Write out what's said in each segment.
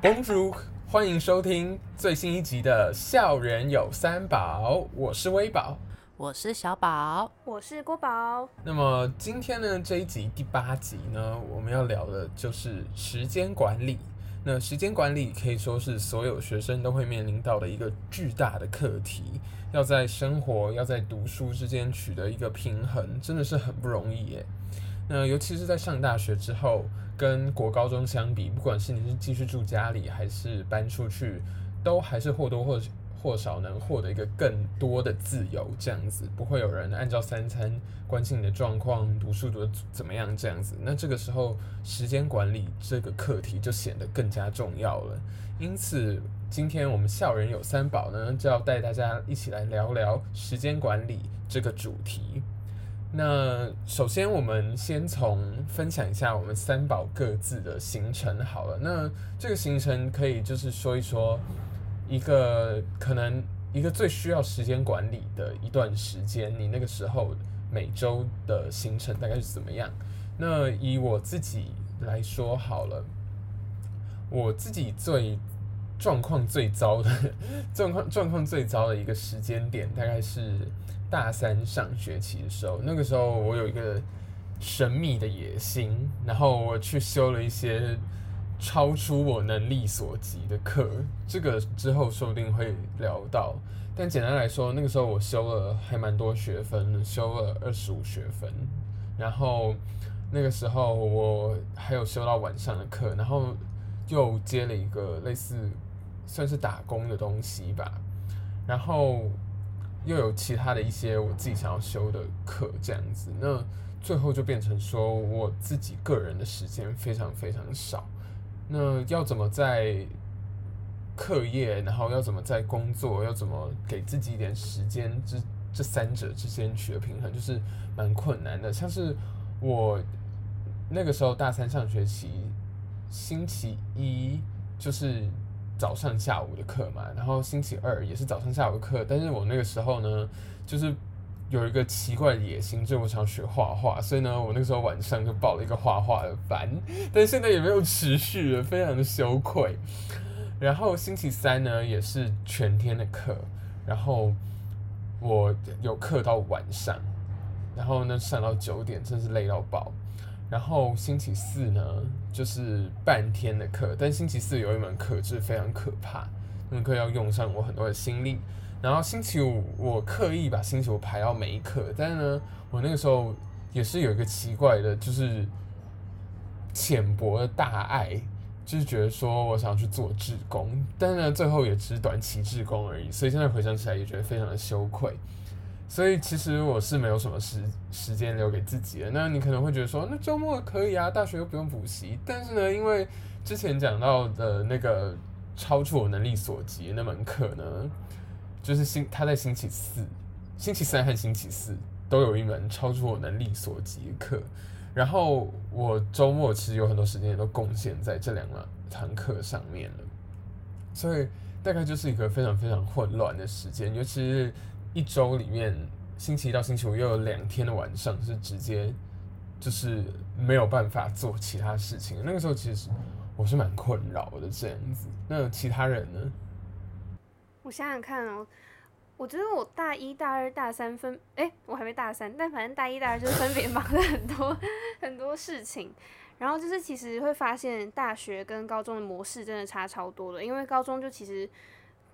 公主，歡迎收聽最新一集的《校園有三寶》，我是微寶，我是小寶，我是郭寶。那麼今天呢，這一集第八集呢，我們要聊的就是時間管理。那時間管理可以說是所有學生都會面臨到的一個巨大的課題，要在生活、要在讀書之間取得一個平衡，真的是很不容易耶。那尤其是在上大學之後。跟國高中相比，不管是你是繼續住家裡還是搬出去，都還是或多或少能獲得一個更多的自由，這樣子，不會有人按照三餐關心你的狀況，讀書讀得怎麼樣這樣子。那這個時候，時間管理這個課題就顯得更加重要了。因此，今天我們校園有三寶呢，就要帶大家一起來聊聊時間管理這個主題。那首先，我們先從分享一下我們三寶各自的行程好了。那這個行程可以就是說一說，一個可能一個最需要時間管理的一段時間，你那個時候每周的行程大概是怎麼樣？那以我自己來說好了，我自己最狀況最糟的狀況狀況最糟的一個時間點大概是。大三上學期的時候，那個時候我有一個神秘的野心，然後我去修了一些超出我能力所及的課。這個之後說不定會聊到，但簡單來說，那個時候我修了還蠻多學分，修了25學分。然後那個時候我還有修到晚上的課，然後又接了一個類似算是打工的東西吧，然後。又有其他的一些我自己想要修的課這樣子，那最後就變成說我自己個人的時間非常非常少。那要怎麼在課業，然後要怎麼在工作，要怎麼給自己一點時間，這這三者之間取得平衡，就是蠻困難的。像是我那個時候大三上學期，星期一就是。早上下午的課嘛，然後星期二也是早上下午的課，但是我那個時候呢，就是有一個奇怪的野心，就我想學畫畫，所以呢，我那個時候晚上就報了一個畫畫的班，但現在也沒有持續了，非常的羞愧。然後星期三呢，也是全天的課，然後我有課到晚上，然後呢上到九點，真是累到爆。然後星期四呢，就是半天的課，但星期四有一門課是非常可怕，那門課要用上我很多的心力。然後星期五我刻意把星期五排到沒課，但是呢，我那個時候也是有一個奇怪的，就是淺薄的大愛，就是覺得說我想要去做志工，但是呢，最後也只是短期志工而已，所以現在回想起來也覺得非常的羞愧。所以其實我是沒有什麼時時間留給自己的，那你可能會覺得說，那周末可以啊，大學又不用補習。但是呢，因為之前講到的那個超出我能力所及的那門課呢，就是星他在星期四、星期三和星期四都有一門超出我能力所及的課，然後我周末其實有很多時間也都貢獻在這兩堂課上面了，所以大概就是一個非常非常混亂的時間，尤其是。一週裡面，星期一到星期五又有兩天的晚上是直接就是沒有辦法做其他事情。那個時候其實我是蠻困擾的這樣子。那其他人呢？我想想看哦，我覺得我大一、大二、大三分，欸，我還沒大三，但反正大一、大二就分別忙了很多 很多事情。然後就是其實會發現大學跟高中的模式真的差超多的，因為高中就其實。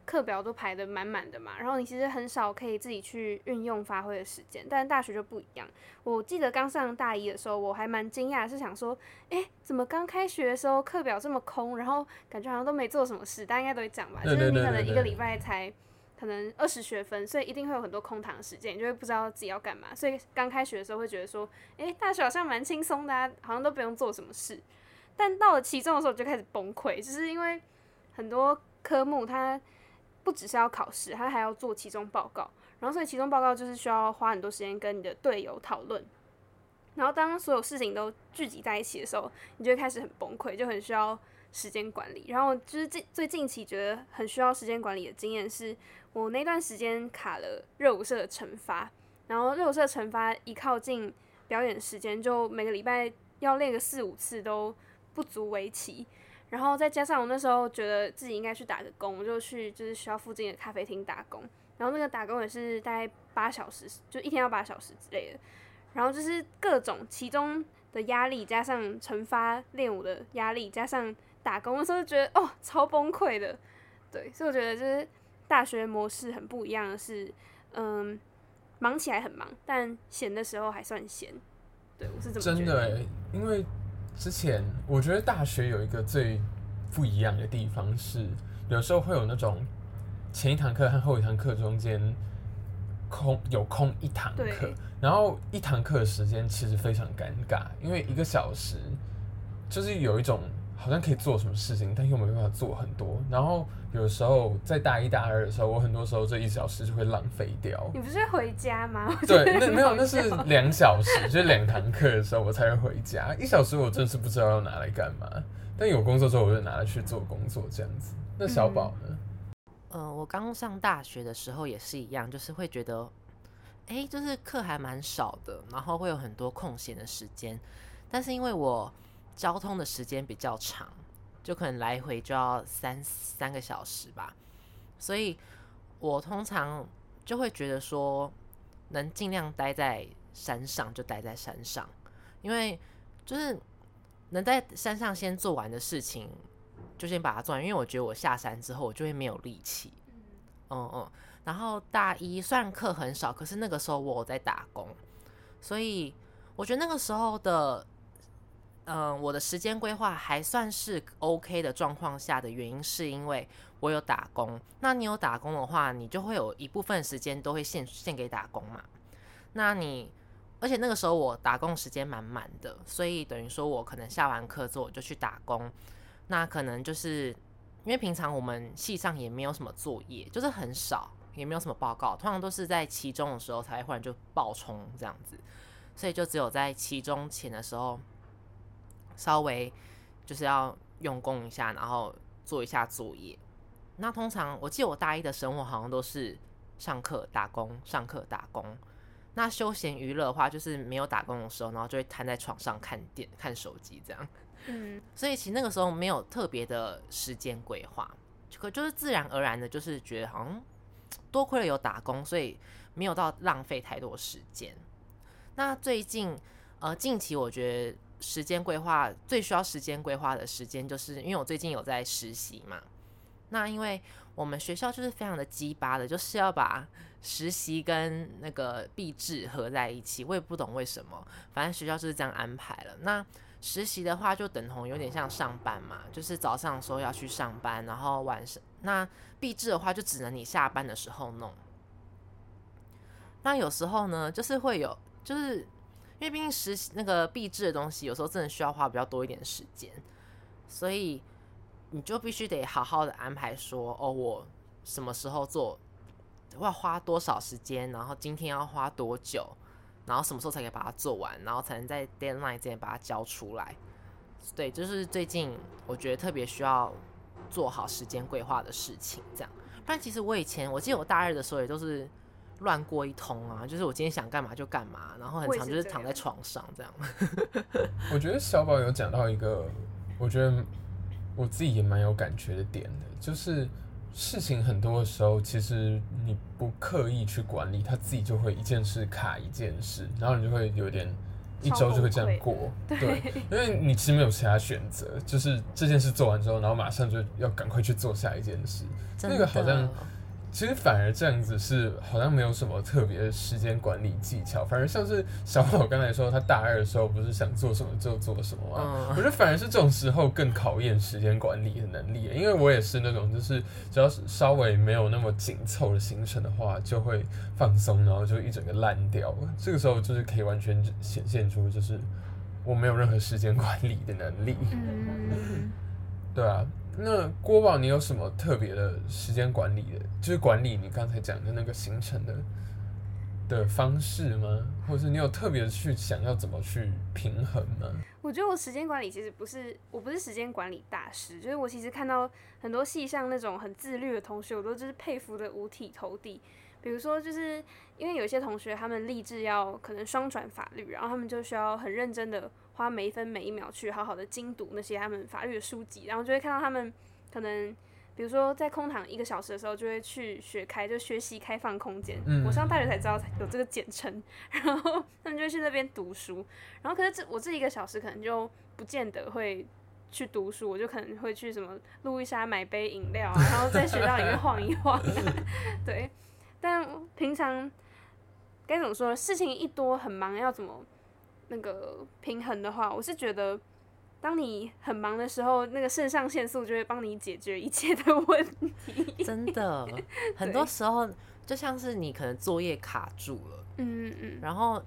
課表都排得滿滿的嘛，然後你其實很少可以自己去運用發揮的時間。但大學就不一樣，我記得剛上大一的時候，我還蠻驚訝，是想說，欸，怎麼剛開學的時候課表這麼空，然後感覺好像都沒做什麼事。大家應該都會講吧，就是你可能一個禮拜才可能二十學分，所以一定會有很多空堂時間，你就會不知道自己要幹嘛。所以剛開學的時候會覺得說，欸，大學好像蠻輕鬆的啊，好像都不用做什麼事。但到了期中的時候就開始崩潰，就是因為很多科目它。不只是要考試，他還要做期中報告，然後所以期中報告就是需要花很多時間跟你的隊友討論，然後當所有事情都聚集在一起的時候，你就會開始很崩潰，就很需要時間管理。然後就是最最近期覺得很需要時間管理的經驗，是我那段時間卡了熱舞社的成發，然後熱舞社成發一靠近表演時間，就每個禮拜要練個四五次，都不足為奇。然後再加上我那時候覺得自己應該去打個工，我就去就是學校附近的咖啡廳打工。然後那個打工也是大概八小時，就一天要八小時之類的。然後就是各種其中的壓力，加上成發練舞的壓力，加上打工的時候就覺得哦超崩潰的。對，所以我覺得就是大學模式很不一樣的是，嗯，忙起來很忙，但閒的時候還算閒。對，我是這麼覺得真的、欸，因為。之前我覺得大學有一個最不一樣的地方是，有時候會有那種前一堂課和後一堂課中間空，有空一堂課，然後一堂課的時間其實非常尷尬，因為一個小時就是有一種。好像可以做什麼事情，但又沒辦法做很多。然後有時候在大一、大二的時候，我很多時候這一小時就會浪費掉。你不是回家嗎？對，那沒有，那是兩小時， 就是兩堂課的時候我才會回家。一小時我真是不知道要拿來幹嘛。但有工作之後，我就拿來去做工作這樣子。那小寶呢？嗯，呃、我剛上大學的時候也是一樣，就是會覺得，哎、欸，就是課還蠻少的，然後會有很多空閒的時間。但是因為我。交通的時間比較長，就可能來回就要三三個小時吧，所以我通常就會覺得說，能盡量待在山上就待在山上，因為就是能在山上先做完的事情就先把它做完，因為我覺得我下山之後我就會沒有力氣。嗯嗯。然後大一雖然課很少，可是那個時候我有在打工，所以我覺得那個時候的。嗯，我的時間規劃還算是 OK 的狀況下的原因，是因為我有打工。那你有打工的話，你就會有一部分時間都會獻獻給打工嘛？那你而且那個時候我打工時間滿滿的，所以等於說我可能下完課之後就去打工。那可能就是因為平常我們系上也沒有什麼作業，就是很少，也沒有什麼報告，通常都是在期中的時候才會忽然就爆衝這樣子，所以就只有在期中前的時候稍微就是要用功一下，然後做一下作業。那通常我記得我大一的生活好像都是上課打工，上課打工。那休閒娛樂的話，就是沒有打工的時候，然後就會癱在床上看電、看手機這樣。嗯，所以其實那個時候沒有特別的時間規劃，就可就是自然而然的，就是覺得好像多虧了有打工，所以沒有到浪費太多時間。那最近呃，近期我覺得。時間規劃，最需要時間規劃的時間，就是因為我最近有在實習嘛。那因為我們學校就是非常的機掰的，就是要把實習跟那個畢制合在一起。我也不懂為什麼，反正學校就是這樣安排了。那實習的話，就等同有點像上班嘛，就是早上說要去上班，然後晚上那畢制的話，就只能你下班的時候弄。那有時候呢，就是會有就是。因為畢竟實習那個畢製的東西，有時候真的需要花比較多一點時間，所以你就必須得好好的安排說，說哦，我什麼時候做，我要花多少時間，然後今天要花多久，然後什麼時候才可以把它做完，然後才能在 deadline 之前把它交出來。對，就是最近我覺得特別需要做好時間規劃的事情，這樣。但其實我以前，我記得我大二的時候也都是。亂過一通啊，就是我今天想幹嘛就幹嘛，然後很常就是躺在床上這樣。我覺得小寶有講到一個，我覺得我自己也蠻有感覺的點的，就是事情很多的時候，其實你不刻意去管理，他自己就會一件事卡一件事，然後你就會有點一週就會這樣過，對，對，因為你其實沒有其他選擇，就是這件事做完之後，然後馬上就要趕快去做下一件事，的那個好像。其實反而這樣子是好像沒有什麼特別的時間管理技巧，反而像是小寶剛才說，他大二的時候不是想做什麼就做什麼嗎？Oh. 我覺得反而是這種時候更考驗時間管理的能力，因為我也是那種就是只要是稍微沒有那麼緊湊的行程的話，就會放鬆，然後就一整個爛掉。這個時候就是可以完全顯現出就是我沒有任何時間管理的能力，mm hmm. 對啊。那郭寶，你有什麼特別的時間管理的，就是管理你剛才講的那個行程的的方式嗎？或者是你有特別去想要怎麼去平衡嗎？我覺得我時間管理其實不是，我不是時間管理大師，就是我其實看到很多系上那種很自律的同學，我都就是佩服得五體投地。比如說就是。因為有些同學他們立志要可能雙轉法律，然後他們就需要很認真的花每一分每一秒去好好的精讀那些他們法律的書籍，然後就會看到他們可能比如說在空堂一個小時的時候就會去學開就學習開放空間，嗯、我上大學才知道有這個簡稱，然後他們就會去那邊讀書，然後可是這我這一個小時可能就不見得會去讀書，我就可能會去什麼路易莎買杯飲料然後在學校裡面晃一晃， 對，但平常。該怎麼說？事情一多很忙，要怎麼那個平衡的話，我是覺得，當你很忙的時候，那個腎上腺素就會幫你解決一切的問題。真的，很多時候對就像是你可能作業卡住了，嗯嗯嗯，然後。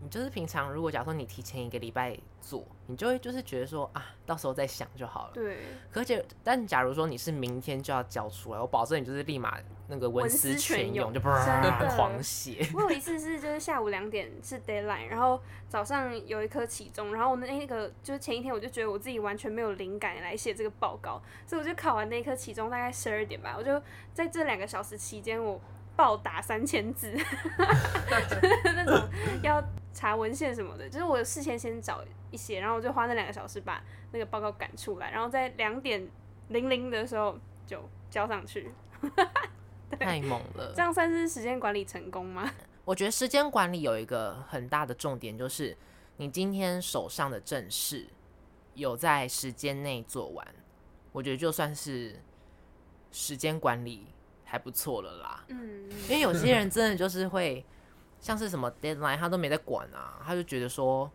你就是平常，如果假如說你提前一個禮拜做，你就會就是覺得說啊，到時候再想就好了。對。而且，但假如說你是明天就要交出來，我保證你就是立馬那個文思泉湧，全就瘋狂寫。的血我有一次是就是下午兩點是 deadline，然後早上有一科期中，然後我那個就是前一天我就覺得我自己完全沒有靈感來寫這個報告，所以我就考完那科期中，大概十二點吧，我就在這兩個小時期間我。暴打三千字， 那種要查文獻什麼的，就是我事先先找一些，然後我就花那兩個小時把那個報告趕出來，然後在兩點零零的時候就交上去。 對太猛了！這樣算是時間管理成功嗎？我覺得時間管理有一個很大的重點，就是你今天手上的正事有在時間內做完，我覺得就算是時間管理。還不錯了啦，嗯，因為有些人真的就是會，像是什麼 deadline，他都沒在管啊，他就覺得說我，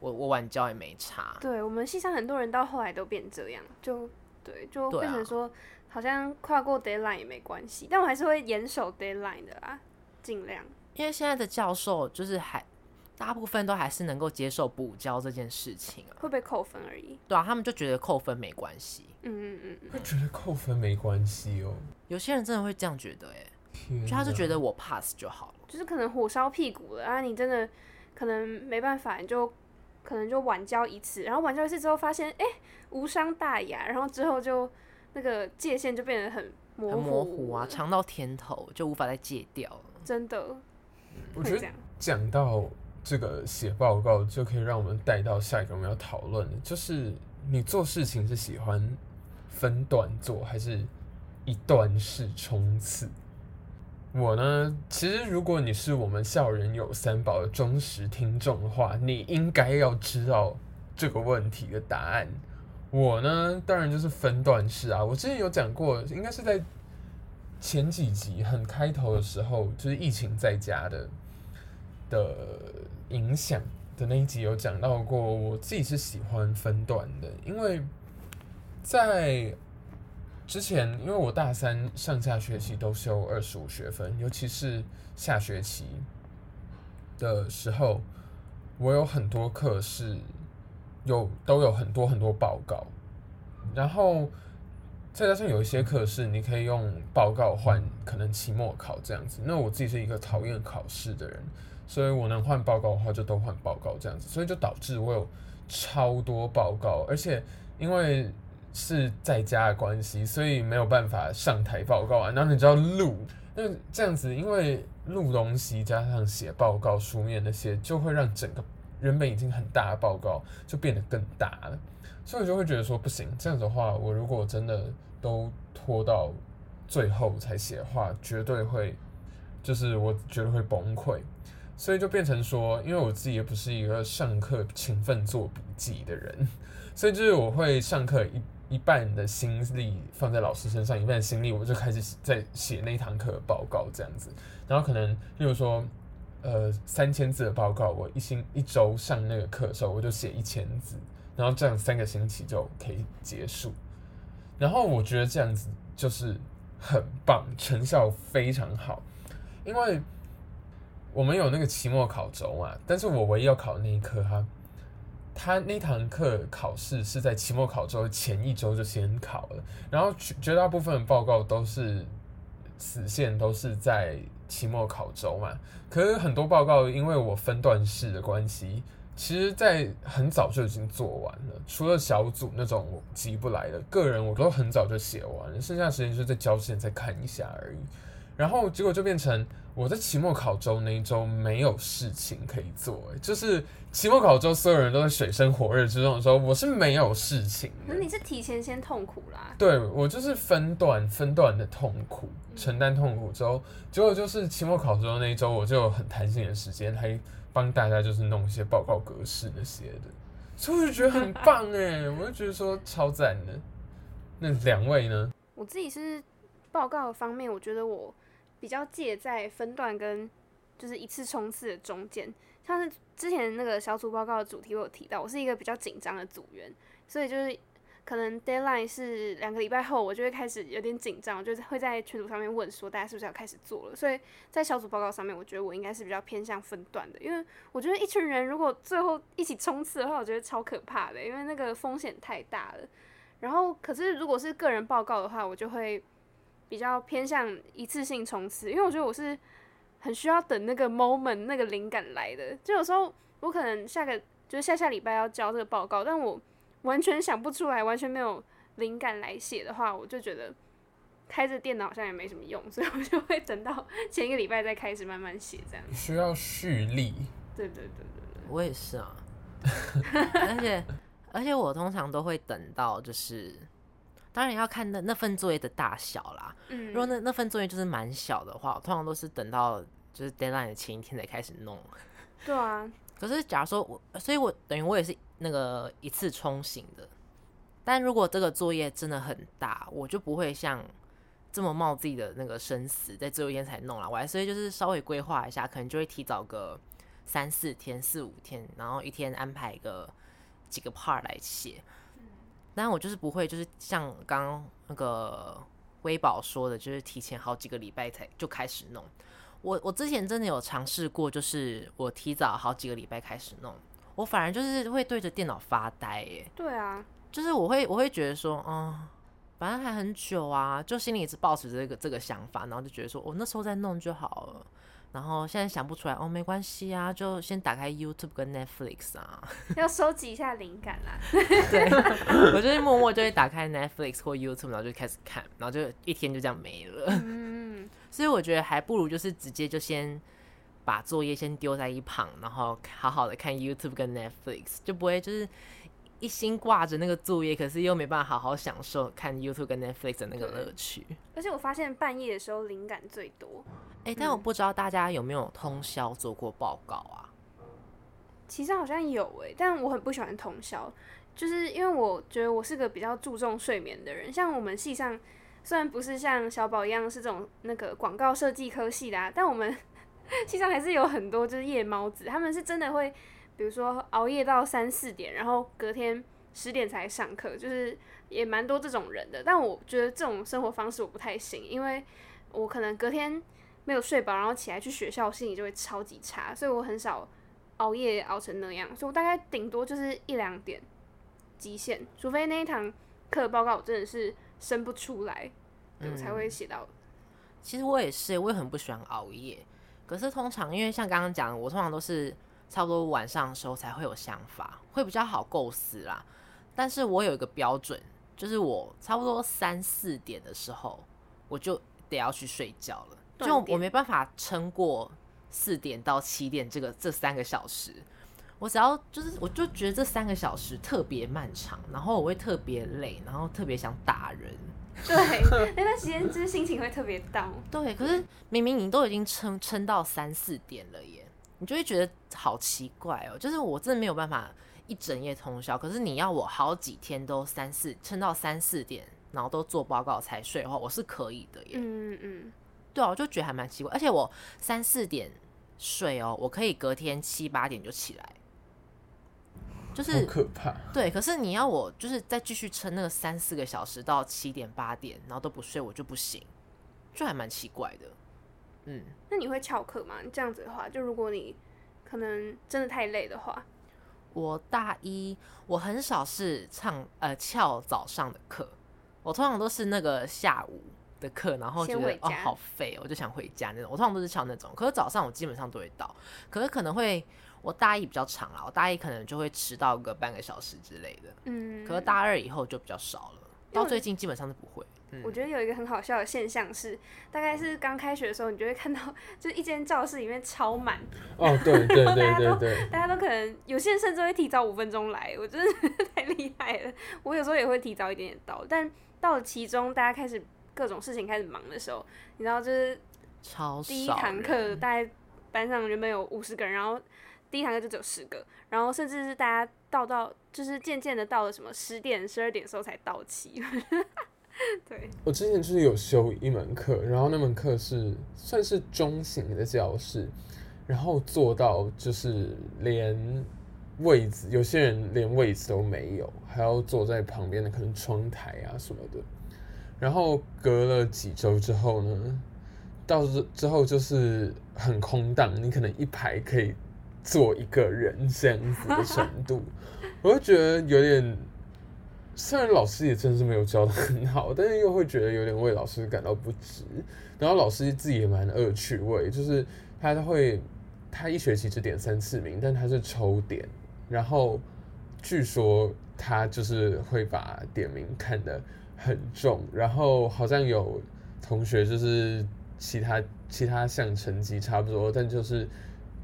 我我晚交也沒差。對，我們系上很多人到後來都變這樣，就對，就變成說，啊、好像跨過 deadline 也沒關係。但我還是會嚴守 deadline 的啦，盡量。因為現在的教授就是還。大部分都還是能夠接受補交這件事情啊，會被扣分而已。對啊，他們就覺得扣分沒關係。嗯，嗯嗯嗯，會覺得扣分沒關係哦。有些人真的會這樣覺得，欸，哎，啊，就他就覺得我 pass 就好了。就是可能火燒屁股了啊，你真的可能沒辦法，你就可能就晚交一次，然後晚交一次之後發現哎，欸，無傷大雅，然後之後就那個界限就變得很模糊，很模糊啊，嘗到甜頭就無法再戒掉了。真的，嗯，我覺得講到。這個寫報告就可以讓我們帶到下一個我們要討論的，就是你做事情是喜歡分段做，還是一段式衝刺？我呢，其實如果你是我們校園有三寶的忠實聽眾的話，你應該要知道這個問題的答案。我呢，當然就是分段式啊。我之前有講過，應該是在前幾集很開頭的時候，就是疫情在家的的。影響的那一集有講到過，我自己是喜歡分段的，因為在之前，因為我大三上下學期都修二十五學分，尤其是下學期的時候，我有很多課是有，都有很多很多報告，然後再加上有一些課是你可以用報告換可能期末考這樣子，那我自己是一個討厭考試的人。所以我能換報告的話，就都換報告這樣子，所以就導致我有超多報告，而且因為是在家的關係，所以沒有辦法上台報告啊。然後你知道錄，那這樣子，因為錄東西加上寫報告書面那些，就會讓整個原本已經很大的報告就變得更大了。所以我就會覺得說不行，這樣子的話，我如果真的都拖到最後才寫的話，絕對會，就是我絕對會崩潰。所以就變成說，因為我自己也不是一個上課勤奮做筆記的人，所以就是我會上課一一半的心力放在老師身上，一半的心力我就開始在寫那堂課的報告這樣子。然後可能，例如說，呃，三千字的報告，我一星一周上那個課的時候，我就寫一千字，然後這樣三個星期就可以結束。然後我覺得這樣子就是很棒，成效非常好，因為。我們有那個期末考週嘛，但是我唯一要考的那一科，哈，他那堂課考試是在期末考週前一周就先考了，然後絕絕大部分的報告都是死線都是在期末考週嘛，可是很多報告因為我分段式的關係，其實在很早就已經做完了，除了小組那種我急不來的，個人我都很早就寫完，剩下時間就在交線再看一下而已。然後結果就變成我在期末考週那一周沒有事情可以做，就是期末考週所有人都在水深火熱之中的時候，我是沒有事情。那你是提前先痛苦啦？對，我就是分段分段的痛苦，承擔痛苦之後，結果就是期末考周那一周我就很彈性的時間，還幫大家就是弄一些報告格式那些的，所以我就覺得很棒哎，我就覺得說超讚的。那兩位呢？我自己是報告方面，我覺得我。比較介在分段跟就是一次衝刺的中間，像是之前那個小組報告的主題，我有提到，我是一個比較緊張的組員，所以就是可能 deadline 是兩個禮拜後，我就會開始有點緊張，我就會在群組上面問說大家是不是要開始做了。所以在小組報告上面，我覺得我應該是比較偏向分段的，因為我覺得一群人如果最後一起衝刺的話，我覺得超可怕的，因為那個風險太大了。然後可是如果是個人報告的話，我就會。比較偏向一次性衝刺，因為我覺得我是很需要等那個 moment 那個靈感來的。就有時候我可能下個就是下下禮拜要交這個報告，但我完全想不出來，完全沒有靈感來寫的話，我就覺得開着電腦好像也沒什麼用，所以我就會等到前一個禮拜再開始慢慢寫，這樣子需要蓄力。對對對對對，我也是啊。 而且而且我通常都會等到就是。當然要看那那份作業的大小啦。嗯，如果那那份作業就是蠻小的話，我通常都是等到就是 deadline 的前一天才開始弄。對啊。可是假如說我，所以我等於我也是那個一次沖醒的。但如果這個作業真的很大，我就不會像這麼冒自己的那個生死，在最後一天才弄了。我還是就是稍微規劃一下，可能就會提早個三四天、四五天，然後一天安排一個幾個 part 來寫。但我就是不會，就是像剛那個微寶說的，就是提前好幾個禮拜才就開始弄我。我我之前真的有嘗試過，就是我提早好幾個禮拜開始弄，我反而就是會對着電腦發呆耶，對啊，就是我會我會覺得說，嗯，反正還很久啊，就心裡一直抱持這個這個想法，然後就覺得說我、哦、那時候再弄就好了。然後現在想不出來哦，沒關係啊，就先打開 YouTube 跟 Netflix 啊，要收集一下靈感啦。 對，我就是默默就會打開 Netflix 或 YouTube，然後就開始看，然後就一天就這樣沒了。嗯嗯，所以我覺得還不如就是直接就先把作業先丟在一旁，然後好好的看 YouTube 跟 Netflix，就不會就是。一心掛着那個作業，可是又沒辦法好好享受看 YouTube 跟 Netflix 的那個樂趣。而且我發現半夜的時候靈感最多。哎、欸，嗯，但我不知道大家有沒有通宵做過報告啊？其實好像有哎、欸，但我很不喜歡通宵，就是因為我覺得我是個比較注重睡眠的人。像我們系上，雖然不是像小寶一樣是這種那個廣告設計科系的啊，但我們系 上還是有很多就是夜貓子，他們是真的會。比如說熬夜到三四點，然後隔天十點才上課，就是也蠻多這種人的。但我覺得這種生活方式我不太行，因為我可能隔天沒有睡飽，然後起來去學校，心理就會超級差。所以我很少熬夜熬成那樣，所以我大概頂多就是一兩點極限，除非那一堂課報告我真的是生不出來，我才會寫到。嗯，其實我也是，我也很不喜歡熬夜。可是通常因為像剛剛講的，我通常都是。差不多晚上的時候才會有想法，會比較好構思啦。但是我有一個標準，就是我差不多三四點的時候，我就得要去睡覺了，點就我沒辦法撐過四點到七點這個這三個小時。我只要就是，我就覺得這三個小時特別漫長，然後我會特別累，然後特別想打人。對，那段時間就是心情會特別 down。對，可是明明你都已經撐撐到三四點了耶。你就會覺得好奇怪哦，就是我真的沒有辦法一整夜通宵，可是你要我好幾天都三四撐到三四點，然後都做報告才睡的話，我是可以的耶。嗯嗯嗯，對啊，我就覺得還蠻奇怪，而且我三四點睡哦，我可以隔天七八點就起來，就是可怕。對，可是你要我就是再繼續撐那個三四個小時到七點八點，然後都不睡，我就不行，就還蠻奇怪的。嗯，那你會翹課嗎？這樣子的話，就如果你可能真的太累的話，我大一我很少是唱呃，翹早上的課，我通常都是那個下午的課，然後覺得哦好廢哦，我就想回家那種。我通常都是翹那種，可是早上我基本上都會到，可是可能會我大一比較長啦，我大一可能就會遲到個半個小時之類的，嗯。可是大二以後就比較少了，到最近基本上都不會。 我覺得有一個很好笑的現象是，大概是剛開學的時候，你就會看到，就一間教室裡面超滿。哦，對對對對對。然後大家都大家都可能有些人甚至會提早五分鐘來，我覺得真的太厲害了。我有時候也會提早一點點到，但到了期中大家開始各種事情開始忙的時候，你知道就是超第一堂課大概班上原本有五十個人，然後第一堂課就只有十個，然後甚至是大家到到就是漸漸的到了什麼十點十二點的時候才到齊。呵呵對我之前就是有修一門課，然後那門課是算是中型的教室，然後坐到就是連位子，有些人連位子都沒有，還要坐在旁邊的可能窗台啊什麼的。然後隔了幾周之後呢，到這之後就是很空蕩，你可能一排可以坐一個人這樣子的程度， 我就覺得有點。雖然老師也真是沒有教的很好，但是又會覺得有點為老師感到不值。然後老師自己也蠻惡趣味，就是他會他一學期只點三次名，但他是抽點。然後據說他就是會把點名看得很重，然後好像有同學就是其他其他項成績差不多，但就是。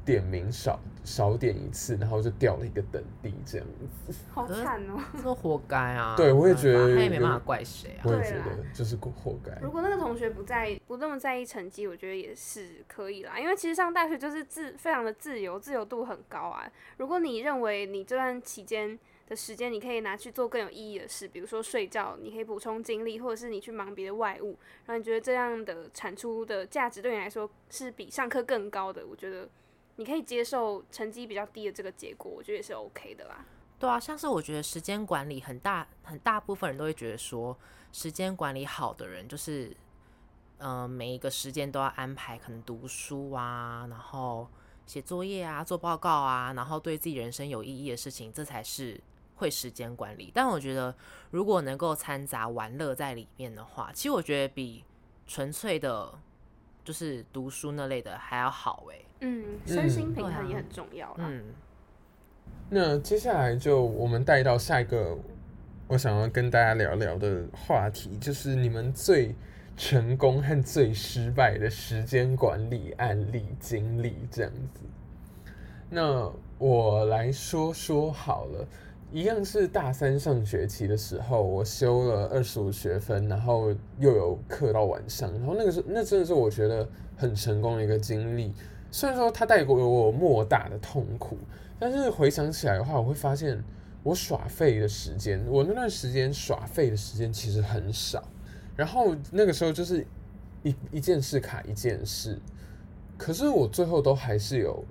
點名少少點一次，然後就掉了一個等地這樣子，好慘哦、喔，這活該啊！對，我也覺得他也沒辦法怪誰啊，我也覺得就是活該。如果那個同學不在不那麼在意成績，我覺得也是可以啦。因為其實上大學就是自非常的自由，自由度很高啊。如果你認為你這段期間的時間你可以拿去做更有意義的事，比如說睡覺，你可以補充精力，或者是你去忙別的外務，然後你覺得這樣的產出的價值對你來說是比上課更高的，我覺得。你可以接受成績比較低的這個結果，我覺得也是 OK 的啦。對啊，像是我覺得時間管理很大，很大部分人都會覺得說，時間管理好的人就是，嗯、呃，每一個時間都要安排，可能讀書啊，然後寫作業啊，做報告啊，然後對自己人生有意義的事情，這才是會時間管理。但我覺得，如果能夠摻雜玩樂在裡面的話，其實我覺得比純粹的。就是讀書那類的還要好哎，嗯，身心平衡也很重要啦。嗯，那接下來就我們帶到下一個，我想要跟大家聊聊的話題，就是你們最成功和最失敗的時間管理案例經歷這樣子。那我來說說好了。一樣是大三上學期的時候，我修了二十五學分，然後又有課到晚上，然後那個時候那真的是我覺得很成功的一個經歷。雖然說它帶給我莫大的痛苦，但是回想起來的話，我會發現我耍廢的時間，我那段時間耍廢的時間其實很少。然後那個時候就是一一件事卡一件事，可是我最後都還是有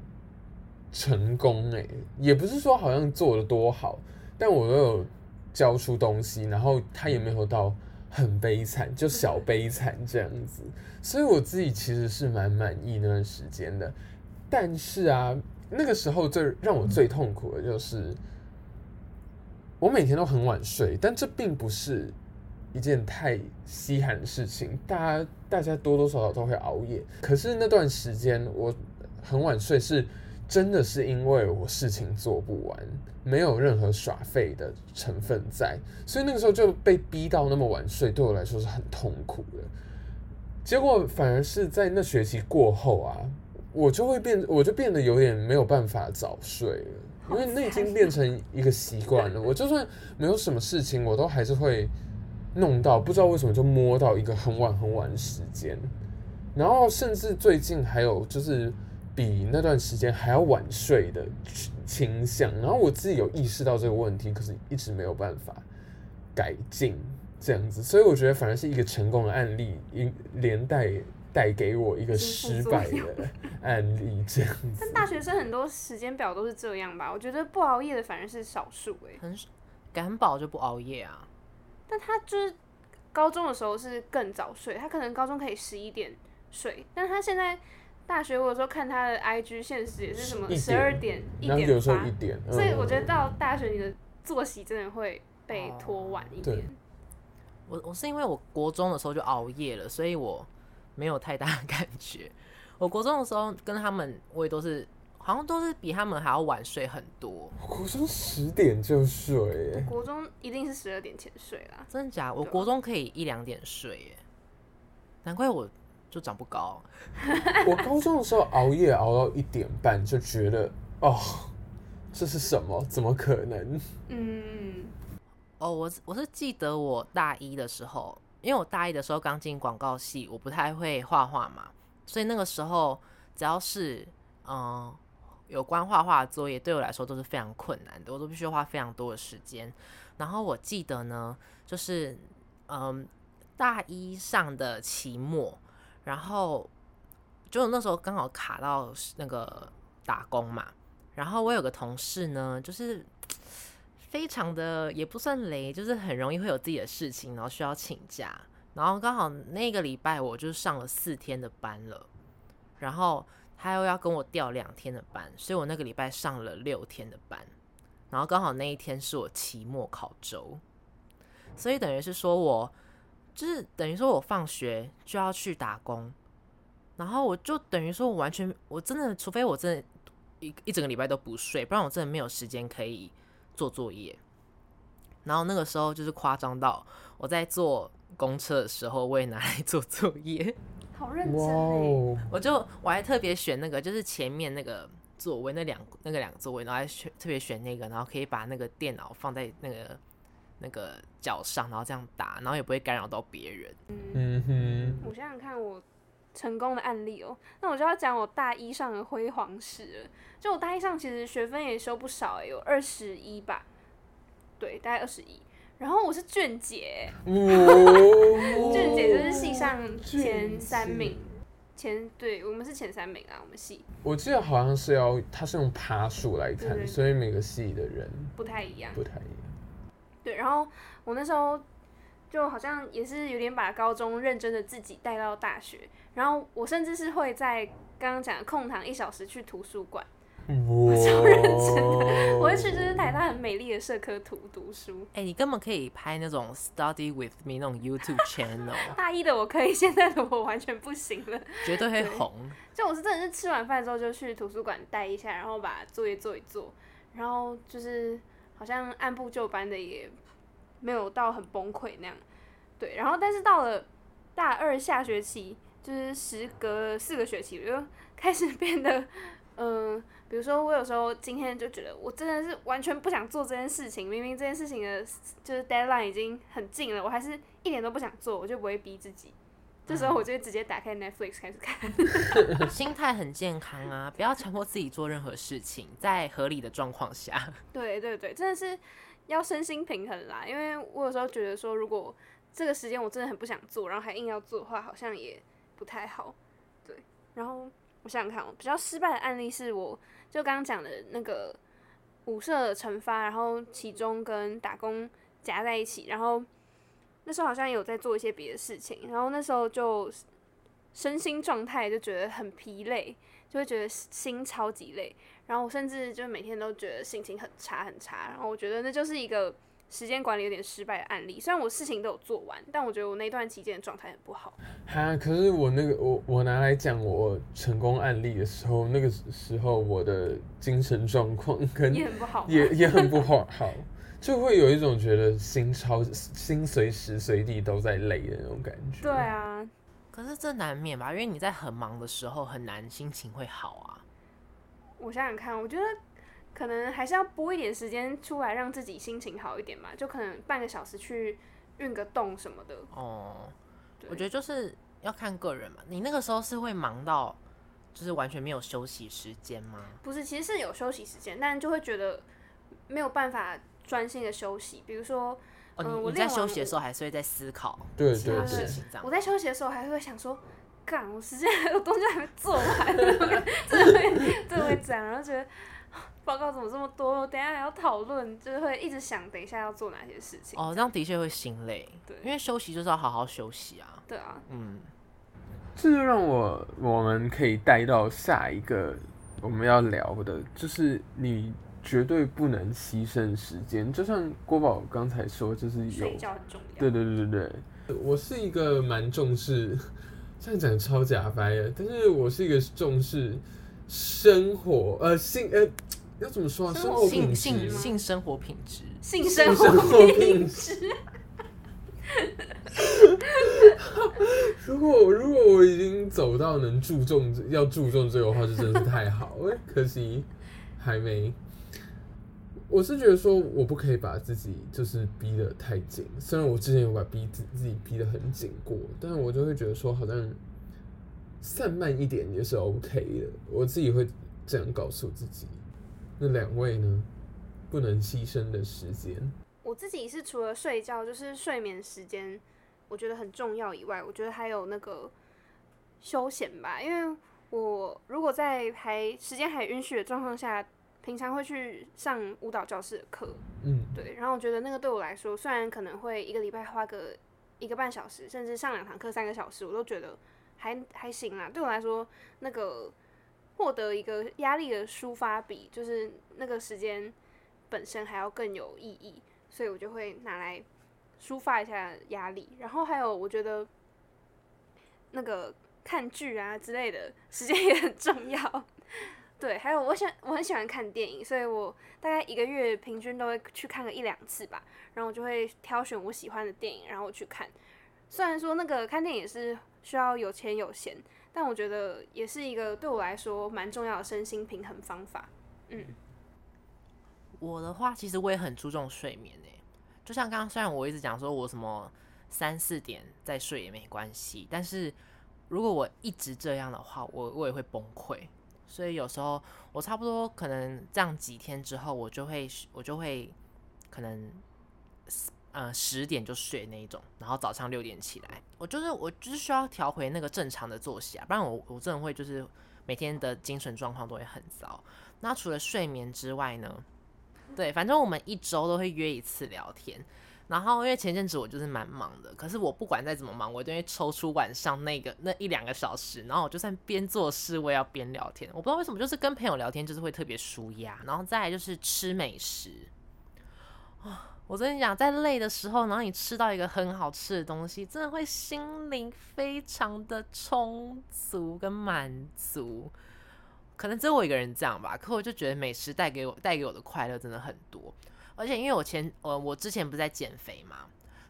成功。欸。哎，也不是說好像做的多好。但我都有交出東西，然後他也沒有到很悲慘，就小悲慘這樣子，所以我自己其實是蠻滿意那段時間的。但是啊，那個時候最讓我最痛苦的就是，我每天都很晚睡，但這並不是一件太稀罕的事情，大家大家多多少少都會熬夜。可是那段時間我很晚睡是，真的是因為我事情做不完，沒有任何耍廢的成分在，所以那個時候就被逼到那麼晚睡，對我來說是很痛苦的。結果反而是在那學期過後啊，我就會變，我就變得有點沒有辦法早睡了，因為那已經變成一個習慣了。我就算沒有什麼事情，我都還是會弄到不知道為什麼就摸到一個很晚很晚的時間，然後甚至最近還有就是。比那段時間還要晚睡的傾向，然後我自己有意識到這個問題，可是一直沒有辦法改進這樣子，所以我覺得反而是一個成功的案例，一連帶帶給我一個失敗的案例這樣子、嗯。但大學生很多時間表都是這樣吧？我覺得不熬夜的反而是少數誒，很敢保就不熬夜啊？但他就是高中的時候是更早睡，他可能高中可以十一點睡，但他現在。大學，我有時候看他的 IG，限時也是什麼十二點一點八，1 1. 8, 點所以我覺得到大學你的作息真的會被拖晚一點。Uh, 對我我是因為我國中的時候就熬夜了，所以我沒有太大的感覺。我國中的時候跟他們我也都是，好像都是比他們還要晚睡很多。國中十點就睡。欸，我國中一定是十二點前睡啦，真的假的我國中可以一兩點睡。欸，哎，難怪我。就長不高啊。 我高中的時候熬夜熬到一點半，就覺得哦，這是什麼？怎麼可能？嗯，哦，我是我是記得我大一的時候，因為我大一的時候剛進廣告系，我不太會畫畫嘛，所以那個時候只要是嗯有關畫畫的作業，對我來說都是非常困難的，我都必須花非常多的時間。然後我記得呢，就是嗯大一上的期末。然後，就我那時候剛好卡到那個打工嘛。然後我有個同事呢，就是非常的也不算累，就是很容易會有自己的事情，然後需要請假。然後剛好那個禮拜我就上了四天的班了，然後他又要跟我調兩天的班，所以我那個禮拜上了六天的班。然後剛好那一天是我期末考周，所以等於是說我。就是等於說，我放學就要去打工，然後我就等於說，我完全，我真的除非我真的一一整個禮拜都不睡，不然我真的沒有時間可以做作業。然後那個時候就是誇張到，我在坐公車的時候，我也拿來做作業，好認真哦，我就我還特別選那個，就是前面那個座位，那兩那個兩個座位，然後還選特別選那個，然後可以把那個電腦放在那個。那個腳上，然後這樣打，然後也不會干擾到別人。嗯哼，我想想看，我成功的案例哦、喔，那我就要講我大一上的輝煌史了。就我大一上，其實學分也收不少、欸，有二十一吧，對，大概二十一。然後我是卷姐，哦、 卷姐就是系上前三名，前，對我們是前三名啊，我們系。我記得好像是要，他是用爬數來看，對對對，所以每個系的人不太一樣，不太一樣。對，然後我那時候就好像也是有點把高中認真的自己帶到大學，然後我甚至是會在剛剛講的空堂一小時去圖書館，我超認真的，我會去就是台大很美麗的社科圖讀書。哎，你根本可以拍那種 Study with me 那種 YouTube channel。 大一的我可以，現在的我完全不行了，絕對會紅。就我是真的是吃完飯之後就去圖書館待一下，然後把作業做，做一做，然後就是。好像按部就班的也沒有到很崩潰那樣，對。然後，但是到了大二下學期，就是時隔四個學期，我就開始變得，嗯、呃，比如說我有時候今天就覺得我真的是完全不想做這件事情，明明這件事情的就是 deadline 已經很近了，我還是一點都不想做，我就不會逼自己。這時候我就直接打開 Netflix 開始看。 心態很健康啊，不要強迫自己做任何事情，在合理的狀況下。對對對，真的是要身心平衡啦。因為我有時候覺得說，如果這個時間我真的很不想做，然後還硬要做的話，好像也不太好。對，然後我想想看，比較失敗的案例是，我就剛剛講的那個五社成發，然後其中跟打工夾在一起，然後。那時候好像也有在做一些別的事情，然後那時候就身心狀態就覺得很疲累，就會覺得心超級累，然後我甚至就每天都覺得心情很差很差，然後我覺得那就是一個時間管理有點失敗的案例。雖然我事情都有做完，但我覺得我那段期間的狀態很不好。哈，可是我那個我我拿來講我成功案例的時候，那個時候我的精神狀況跟也，也，也很不好，也也很不好。就會有一種覺得心超心隨時隨地都在累的那種感覺。對啊，可是這難免吧，因為你在很忙的時候，很難心情會好啊。我想想看，我覺得可能還是要撥一點時間出來，讓自己心情好一點嘛。就可能半個小時去運個動什麼的。哦、oh, 對，我覺得就是要看個人嘛。你那個時候是會忙到就是完全沒有休息時間嗎？不是，其實是有休息時間，但就會覺得沒有辦法。專心的休息，比如說，哦、嗯，你，我你在休息的時候還是會在思考，對對對，事情這樣。我在休息的時候還是會想說，幹，我時間還有東西還沒做完，對， 真的會，真的會這樣，然後覺得報告怎麼這麼多，我等下還要討論，就是會一直想，等一下要做哪些事情。哦，這樣的確會心累，對，因為休息就是要好好休息啊。對啊，嗯，這就讓我我們可以帶到下一個我們要聊的，就是你。絕對不能犧牲時間，就像郭寶剛才說，就是睡覺很重要。對對對對對，我是一個蠻重視，這樣講超假掰的。但是我是一個重視生活，呃、性，呃、欸，要怎麼說啊？生活品質嗎？性生活品質，性生活品質。如果如果我已經走到能注重、要注重這個話，就真的是太好了、欸。可惜還沒。我是覺得說，我不可以把自己就是逼得太緊。雖然我之前有把逼自己自己逼得很緊過，但我就會覺得說，好像散漫一點也是 OK 的。我自己會這樣告訴自己。那兩位呢？不能犧牲的時間，我自己是除了睡覺，就是睡眠時間，我覺得很重要以外，我覺得還有那個休閒吧。因為我如果在還時間還允許的狀況下。平常會去上舞蹈教室的課，嗯，對，然後我覺得那個對我來說，雖然可能會一個禮拜花個一個半小時，甚至上兩堂課三個小時，我都覺得還還行啦。對我來說，那個獲得一個壓力的抒發比就是那個時間本身還要更有意義，所以我就會拿來抒發一下壓力。然後還有，我覺得那個看劇啊之類的時間也很重要。對，還有我，我想我很喜歡看電影，所以我大概一個月平均都會去看個一兩次吧。然後我就會挑選我喜歡的電影，然後去看。雖然說那個看電影是需要有錢有閒，但我覺得也是一個對我來說蠻重要的身心平衡方法。嗯，我的話其實我也很注重睡眠呢，欸，就像剛剛雖然我一直講說我什麼三四點再睡也沒關係，但是如果我一直這樣的話，我我也會崩潰。所以有時候我差不多可能這樣幾天之後，我就會我就會可能，呃十點就睡那一種，然後早上六點起來，我就是我就是需要調回那個正常的作息啊，不然我我真的會就是每天的精神狀況都會很糟。那除了睡眠之外呢？對，反正我們一周都會約一次聊天。然後，因為前陣子我就是蠻忙的，可是我不管再怎麼忙，我都會抽出晚上那個那一兩個小時，然後我就算邊做事我也要邊聊天。我不知道為什麼，就是跟朋友聊天就是會特別舒壓，然後再來就是吃美食。哦，我跟你講，在累的時候，然後你吃到一個很好吃的東西，真的會心靈非常的充足跟滿足。可能只有我一個人這樣吧，可我就覺得美食帶給我帶給我的快樂真的很多。而且因為我前呃、我之前不在減肥嘛，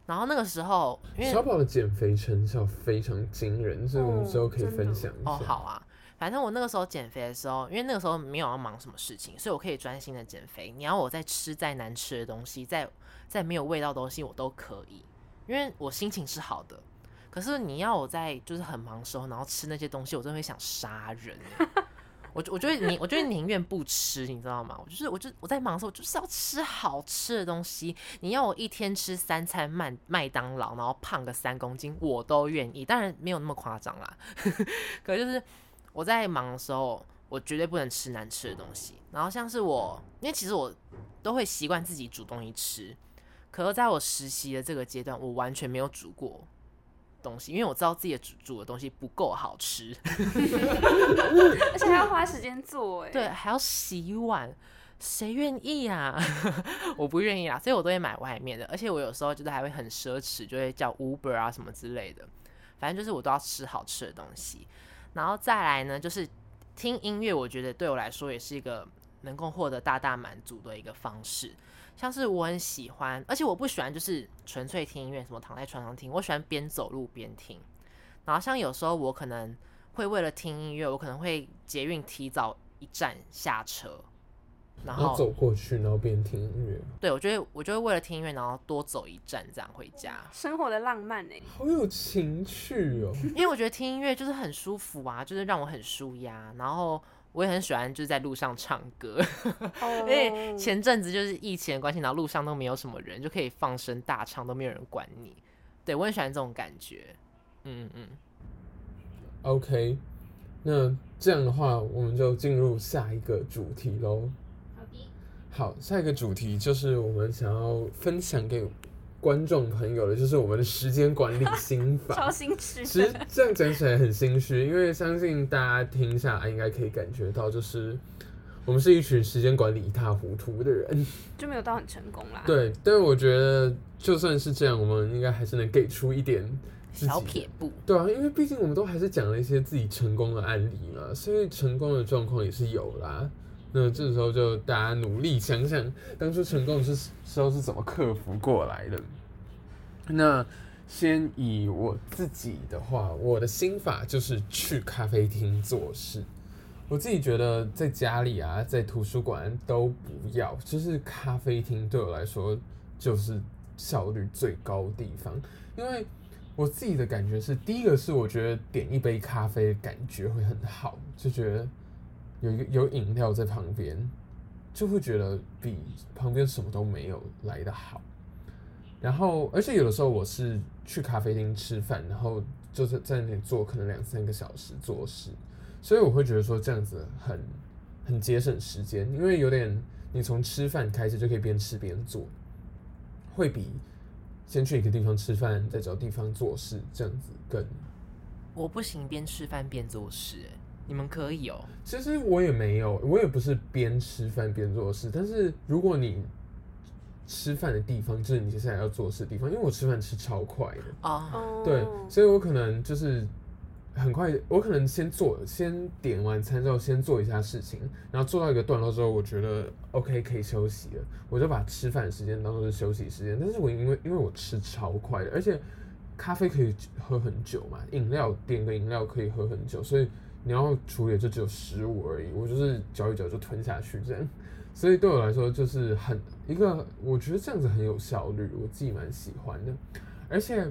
然後那個時候，因為小寶的減肥成效非常驚人，所以我們之後可以分享一下哦。好啊，反正我那個時候減肥的時候，因為那個時候沒有要忙什麼事情，所以我可以專心的減肥。你要我在吃、再難吃的東西，再、再沒有味道的東西我都可以，因為我心情是好的。可是你要我在就是很忙的時候，然後吃那些東西，我就會想殺人。 我我就，我就寧，我就寧願不吃，你知道嗎？我就是，我就我在忙的時候，我就是要吃好吃的東西。你要我一天吃三餐麥麥當勞，然後胖個三公斤，我都願意。當然沒有那麼誇張啦， 可是就是我在忙的時候，我絕對不能吃難吃的東西。然後像是我，因為其實我都會習慣自己煮東西吃，可是在我實習的這個階段，我完全沒有煮過。東西，因為我知道自己煮煮的東西不夠好吃， 而且還要花時間做，哎，對，還要洗碗，誰願意啊？ 我不願意啊，所以我都會買外面的，而且我有時候就是還會很奢侈，就會叫 Uber 啊什麼之類的，反正就是我都要吃好吃的東西。然後再來呢，就是聽音樂，我覺得對我來說也是一個能夠獲得大大滿足的一個方式。像是我很喜歡，而且我不喜歡就是純粹聽音樂，什麼躺在床上聽。我喜歡邊走路邊聽，然後像有時候我可能會為了聽音樂，我可能會捷運提早一站下車，然後走過去，然後邊聽音樂。對，我覺得我就會為了聽音樂，然後多走一站這樣回家。生活的浪漫哎，好有情趣哦。 因為我覺得聽音樂就是很舒服啊，就是讓我很紓壓，然後。我也很喜歡，就是在路上唱歌， oh. 因為前陣子就是疫情的關係，然後路上都沒有什麼人，就可以放聲大唱，都沒有人管你。對，我也喜歡這種感覺。嗯嗯。OK，那這樣的話，我們就進入下一個主題嘍。好的。好，下一個主題就是我們想要分享給。觀眾朋友的，就是我們的時間管理心法， 超心虛。其實這樣講起來很心虛， 因為相信大家聽下來應該可以感覺到，就是我們是一群時間管理一塌糊塗的人，就沒有到很成功啦。對，但是我覺得就算是這樣，我們應該還是能給出一點自己小撇步。對啊，因為畢竟我們都還是講了一些自己成功的案例嘛，所以成功的狀況也是有啦。那這時候就大家努力想想，當初成功的時候是怎麼克服過來的。那先以我自己的話，我的心法就是去咖啡廳做事。我自己覺得在家裡啊，在圖書館都不要，就是咖啡廳對我來說就是效率最高的地方。因為我自己的感覺是，第一個是我覺得點一杯咖啡的感覺會很好，就覺得。有有飲料在旁邊，就會覺得比旁邊什麼都沒有來得好。然後，而且有的時候我是去咖啡廳吃飯，然後就是在那裡坐可能兩三個小時做事，所以我會覺得說這樣子很很節省時間，因為有點你從吃飯開始就可以邊吃邊做，會比先去一個地方吃飯再找地方做事這樣子更。我不行，邊吃飯邊做事耶。你們可以哦。其實我也沒有，我也不是邊吃飯邊做事。但是如果你吃飯的地方就是你接下來要做事的地方，因為我吃飯吃超快的。Oh，對，所以我可能就是很快，我可能先做，先點完餐之後先做一下事情，然後做到一個段落之後，我覺得 OK 可以休息了，我就把吃飯時間當做是休息時間。但是我因為因為我吃超快的，而且咖啡可以喝很久嘛，飲料，點個飲料可以喝很久，所以。你要處理了就只有食物而已，我就是嚼一嚼就吞下去這樣，所以對我來說就是很一個，我覺得這樣子很有效率，我自己蠻喜歡的。而且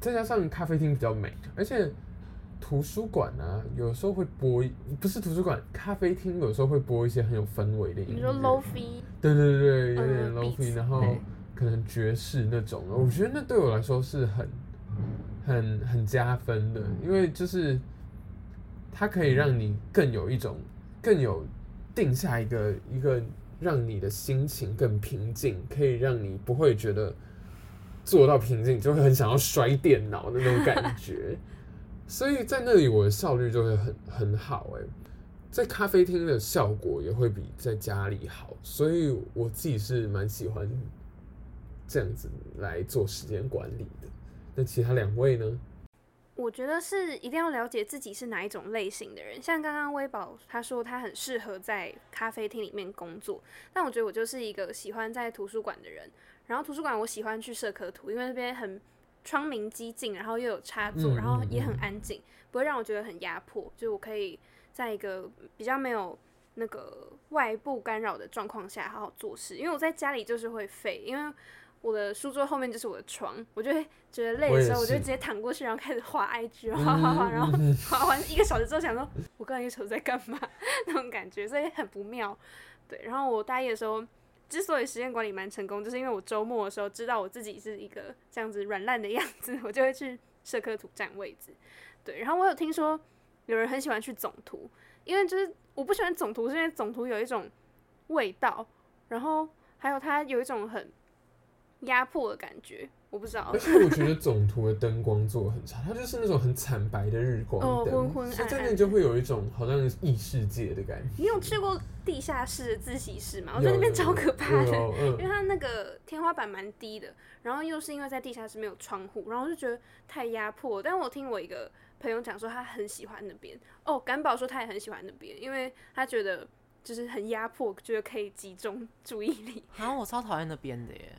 再加上咖啡廳比較美，而且圖書館呢、啊、有時候會播，不是圖書館，咖啡廳有時候會播一些很有氛圍的音樂，你說 lofi？對對對對，有點 lofi，、uh, beach, 然後可能爵士那種，嗯、我覺得那對我來說是很很很加分的，嗯、因為就是。它可以讓你更有一種更有定下一個一個讓你的心情更平靜，可以讓你不會覺得做到瓶頸，就會很想要摔電腦的那種感覺。 所以在那裡我的效率就會很很好誒、欸，在咖啡廳的效果也會比在家裡好，所以我自己是蠻喜歡這樣子來做時間管理的。那其他兩位呢？我覺得是一定要了解自己是哪一種類型的人。像剛剛微寶他說他很適合在咖啡廳裡面工作，但我覺得我就是一個喜歡在圖書館的人。然後圖書館我喜歡去社科圖，因為那邊很窗明幾淨，然後又有插座，然後也很安靜，不會讓我覺得很壓迫。就我可以在一個比較沒有那個外部干擾的狀況下好好做事。因為我在家裡就是會廢，因為。我的書桌後面就是我的床，我就會覺得累的時候，我，我就會直接躺過去，然後開始滑 IG， 然後滑完 一個小時之後，想說我剛才一小時在幹嘛那種感覺，所以很不妙。對，然後我大一的時候，之所以時間管理蠻成功，就是因為我週末的時候知道我自己是一個這樣子軟爛的樣子，我就會去社科圖佔位置。對，然後我有聽說有人很喜歡去總圖，因為，就是我不喜歡總圖，是因為總圖有一種味道，然後還有它有一種很。壓迫的感覺，我不知道。而且我覺得總圖的燈光做的很差， 它就是那種很慘白的日光，昏昏暗，在那就會有一種、嗯、好像是異世界的感覺。你有去過地下室的自習室嗎？有我覺得那邊超可怕的，哦嗯、因為它那個天花板蠻低的，然後又是因為在地下室沒有窗戶，然後就覺得太壓迫。但我聽我一個朋友講說，他很喜歡那邊。哦，敢保說他也很喜歡那邊，因為他覺得就是很壓迫，覺得可以集中注意力啊！我超討厭那邊的耶。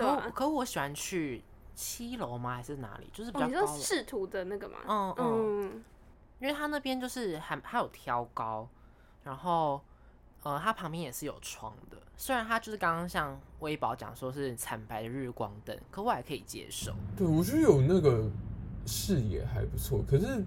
可嗎可我，可我喜歡去七樓嗎？還是哪裡？就是比較、哦、你說視圖的那個嗎？嗯嗯，嗯嗯因為他那邊就是還還有挑高，然後呃，它旁邊也是有窗的。雖然它就是剛剛像微寶講說是慘白的日光燈，可我還可以接受。對，我覺得有那個視野還不錯。可是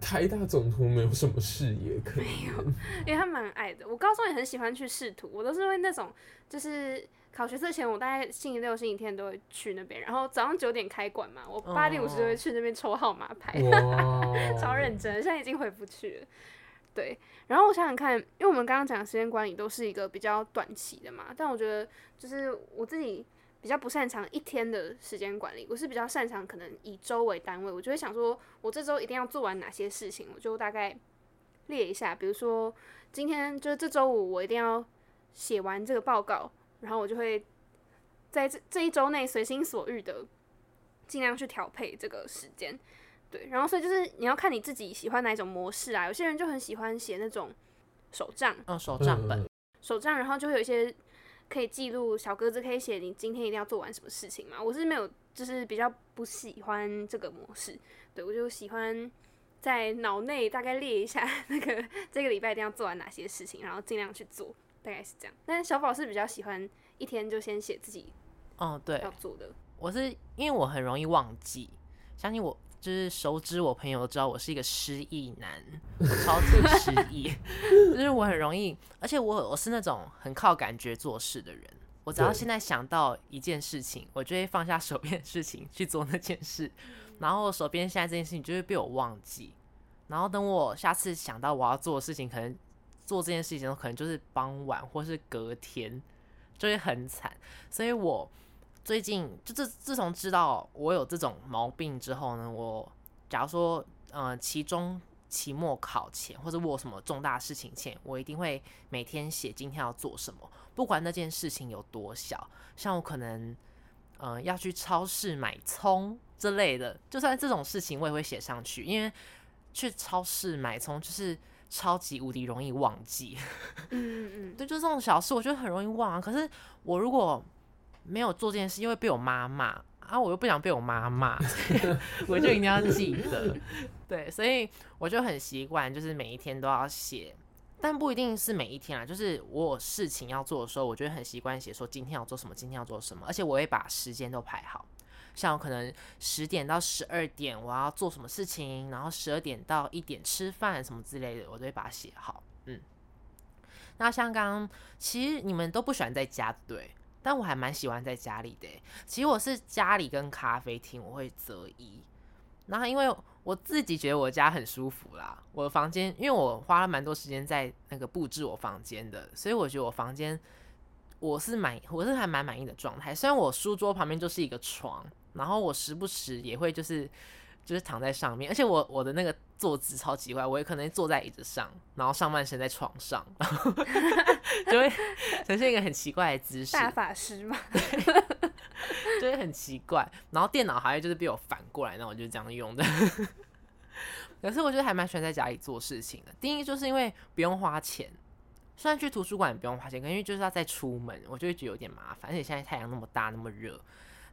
台大總圖沒有什麼視野可，可以沒有，因為他蠻矮的。我高中也很喜歡去視圖，我都是會那種就是。考學之前，我大概星期六、星期天都會去那邊，然後早上九點開館嘛，我八點五十就會去那邊抽號碼牌，Oh. 超認真。現在已經回不去了。對，然後我想想看，因為我們剛剛講的時間管理都是一個比較短期的嘛，但我覺得就是我自己比較不擅長一天的時間管理，我是比較擅長可能以周為單位，我就會想說，我這周一定要做完哪些事情，我就大概列一下，比如說今天就是這周五，我一定要寫完這個報告。然後我就會在這這一週內隨心所欲的盡量去調配這個時間，對。然後所以就是你要看你自己喜歡哪一種模式啊。有些人就很喜歡寫那種手賬，嗯，嗯，手賬本、手賬，然後就會有一些可以記錄小格子，可以寫你今天一定要做完什麼事情嘛。我是沒有，就是比較不喜歡這個模式，對，我就喜歡在腦內大概列一下那個這個禮拜一定要做完哪些事情，然後盡量去做。大概是這樣，但是小寶是比較喜歡一天就先寫自己，哦，對，要做的。嗯，我是因為我很容易忘記，相信我，就是熟知我朋友都知道我是一個失憶男，我超特失憶， 就是我很容易，而且我我是那種很靠感覺做事的人。我只要現在想到一件事情，我就會放下手邊的事情去做那件事，然後手邊現在這件事情就會被我忘記，然後等我下次想到我要做的事情，可能。做這件事情，可能就是傍晚或是隔天，就會很慘。所以我最近就自自從知道我有這種毛病之後呢，我假如說，嗯，期中期末考前，或者我有什麼重大事情前，我一定會每天寫今天要做什麼，不管那件事情有多小。像我可能，呃，嗯，要去超市買蔥之類的，就算這種事情，我也會寫上去，因為去超市買蔥就是。超級無敵容易忘記，嗯嗯嗯， 對，就這種小事，我覺得很容易忘啊。可是我如果沒有做這件事，因為被我媽罵啊，我又不想被我媽罵， 我就一定要記得。 對，所以我就很習慣，就是每一天都要寫，但不一定是每一天啦。就是我有事情要做的時候，我就會很習慣寫說今天要做什麼，今天要做什麼，而且我會把時間都排好。像我可能十點到十二點我要做什麼事情，然後十二點到一點吃飯什麼之類的，我都會把它寫好。嗯，那像剛剛其實你們都不喜歡在家，對，但我還蠻喜歡在家裡的。其實我是家裡跟咖啡廳我會擇一，那因為我自己覺得我家很舒服啦。我的房間，因為我花了蠻多時間在那個布置我房間的，所以我覺得我房間我是滿，我是還蠻滿意的狀態。雖然我書桌旁邊就是一個床。然後我時不時也會就是就是躺在上面，而且我我的那個坐姿超奇怪，我也可能坐在椅子上，然後上半身在床上，就會呈現一個很奇怪的姿勢。大法師嘛，對，就會很奇怪。然後電腦還會就是被我反過來，那我就這樣用的。可是我覺得還蠻喜歡在家裡做事情的。第一就是因為不用花錢，雖然去圖書館不用花錢，可是因為就是要再出門，我就會覺得有點麻煩。而且現在太陽那麼大，那麼熱。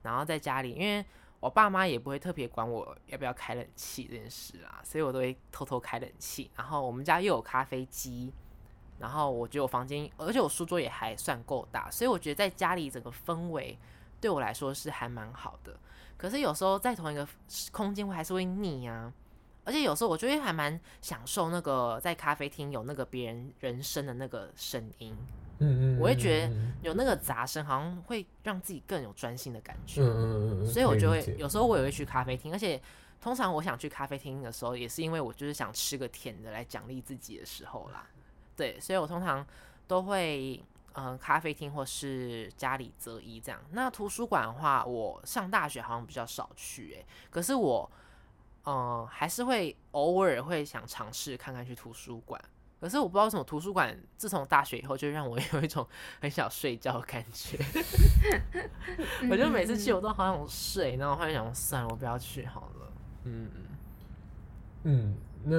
然後在家裡，因為我爸媽也不會特別管我要不要開冷氣這件事啊，所以我都會偷偷開冷氣。然後我們家又有咖啡機，然後我覺得我房間，而且我書桌也還算夠大，所以我覺得在家裡整個氛圍對我來說是還蠻好的。可是有時候在同一個空間，我還是會膩啊。而且有時候我覺得還蠻享受那個在咖啡廳有那個別人人聲的那個聲音。我會覺得有那個雜聲，好像會讓自己更有專心的感覺。所以我就會，有時候我也會去咖啡廳，而且通常我想去咖啡廳的時候，也是因為我就是想吃個甜的來獎勵自己的時候啦。對，所以我通常都會嗯、呃、咖啡廳或是家裡擇一這樣。那圖書館的話，我上大學好像比較少去，欸，可是我嗯、呃、還是會偶爾會想嘗試看看去圖書館。可是我不知道為什麼，從圖書館自從大學以後，就讓我有一種很想睡覺的感覺。 我就每次去，我都好想睡，嗯嗯，然後後來想，算了，我不要去好了。嗯嗯嗯，那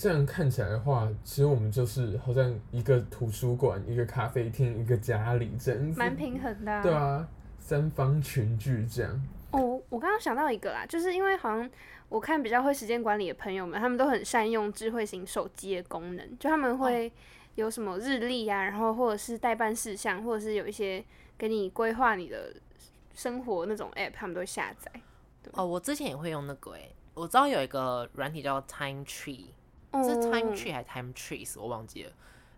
這樣看起來的話，其實我們就是好像一個圖書館、一個咖啡廳、一個家裡這樣，蠻平衡的啊。對啊，三方群聚這樣。我剛剛想到一個啦，就是因為好像我看比較會時間管理的朋友們，他們都很善用智慧型手機的功能，就他們會有什麼日曆啊，哦、然後或者是待辦事項，或者是有一些給你規劃你的生活那種 app，他們都會下載。哦，我之前也會用那個誒、欸，我知道有一個軟體叫 Time Tree，是 Time Tree 還是 Time Trees，我忘記了，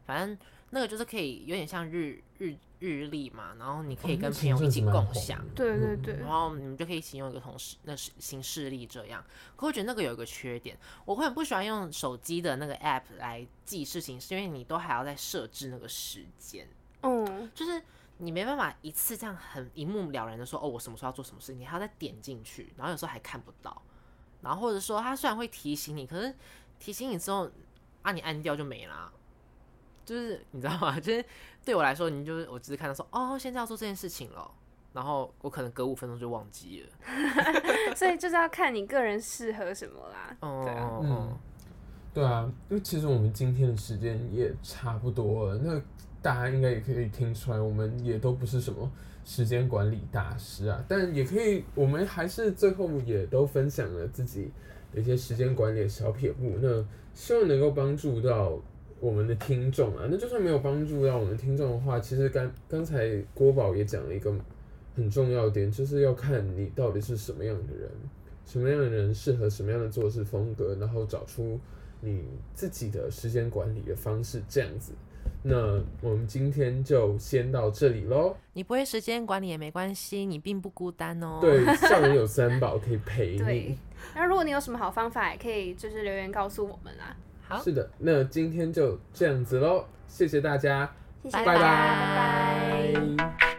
反正那個就是可以有點像日日。日曆嘛，然後你可以跟朋友一起共享，對對對，嗯、然後你們就可以一起用一個同對對對事那行事曆這樣。可我覺得那個有一個缺點，我會很不喜歡用手機的那個 app 來記事情，是因為你都還要再設置那個時間，嗯，就是你沒辦法一次這樣很一目了然的說，哦，我什麼時候要做什麼事情，還要再點進去，然後有時候還看不到，然後或者說他雖然會提醒你，可是提醒你之後啊，你按掉就沒啦、啊。就是你知道嗎？就是對我來說，你就是我只是看到說，哦，現在要做這件事情了，然後我可能隔五分鐘就忘記了， 所以就是要看你個人適合什麼啦，哦、對啊，嗯，對啊，因為其實我們今天的時間也差不多了，那大家應該也可以聽出來，我們也都不是什麼時間管理大師啊，但也可以，我們還是最後也都分享了自己的一些時間管理的小撇步，那希望能夠幫助到。我們的聽眾啊，那就算沒有幫助到我們的聽眾的話，其實剛剛才郭寶也講了一個很重要的點，就是要看你到底是什麼樣的人，什麼樣的人適合什麼樣的做事風格，然後找出你自己的時間管理的方式。這樣子，那我們今天就先到這裡嘍。你不會時間管理也沒關係，你並不孤單哦。 對，校園有三寶可以陪你 。那如果你有什麼好方法，也可以就是留言告訴我們啦、啊。好是的，那今天就這樣子嘍，謝謝大家，謝謝拜拜。拜拜拜拜。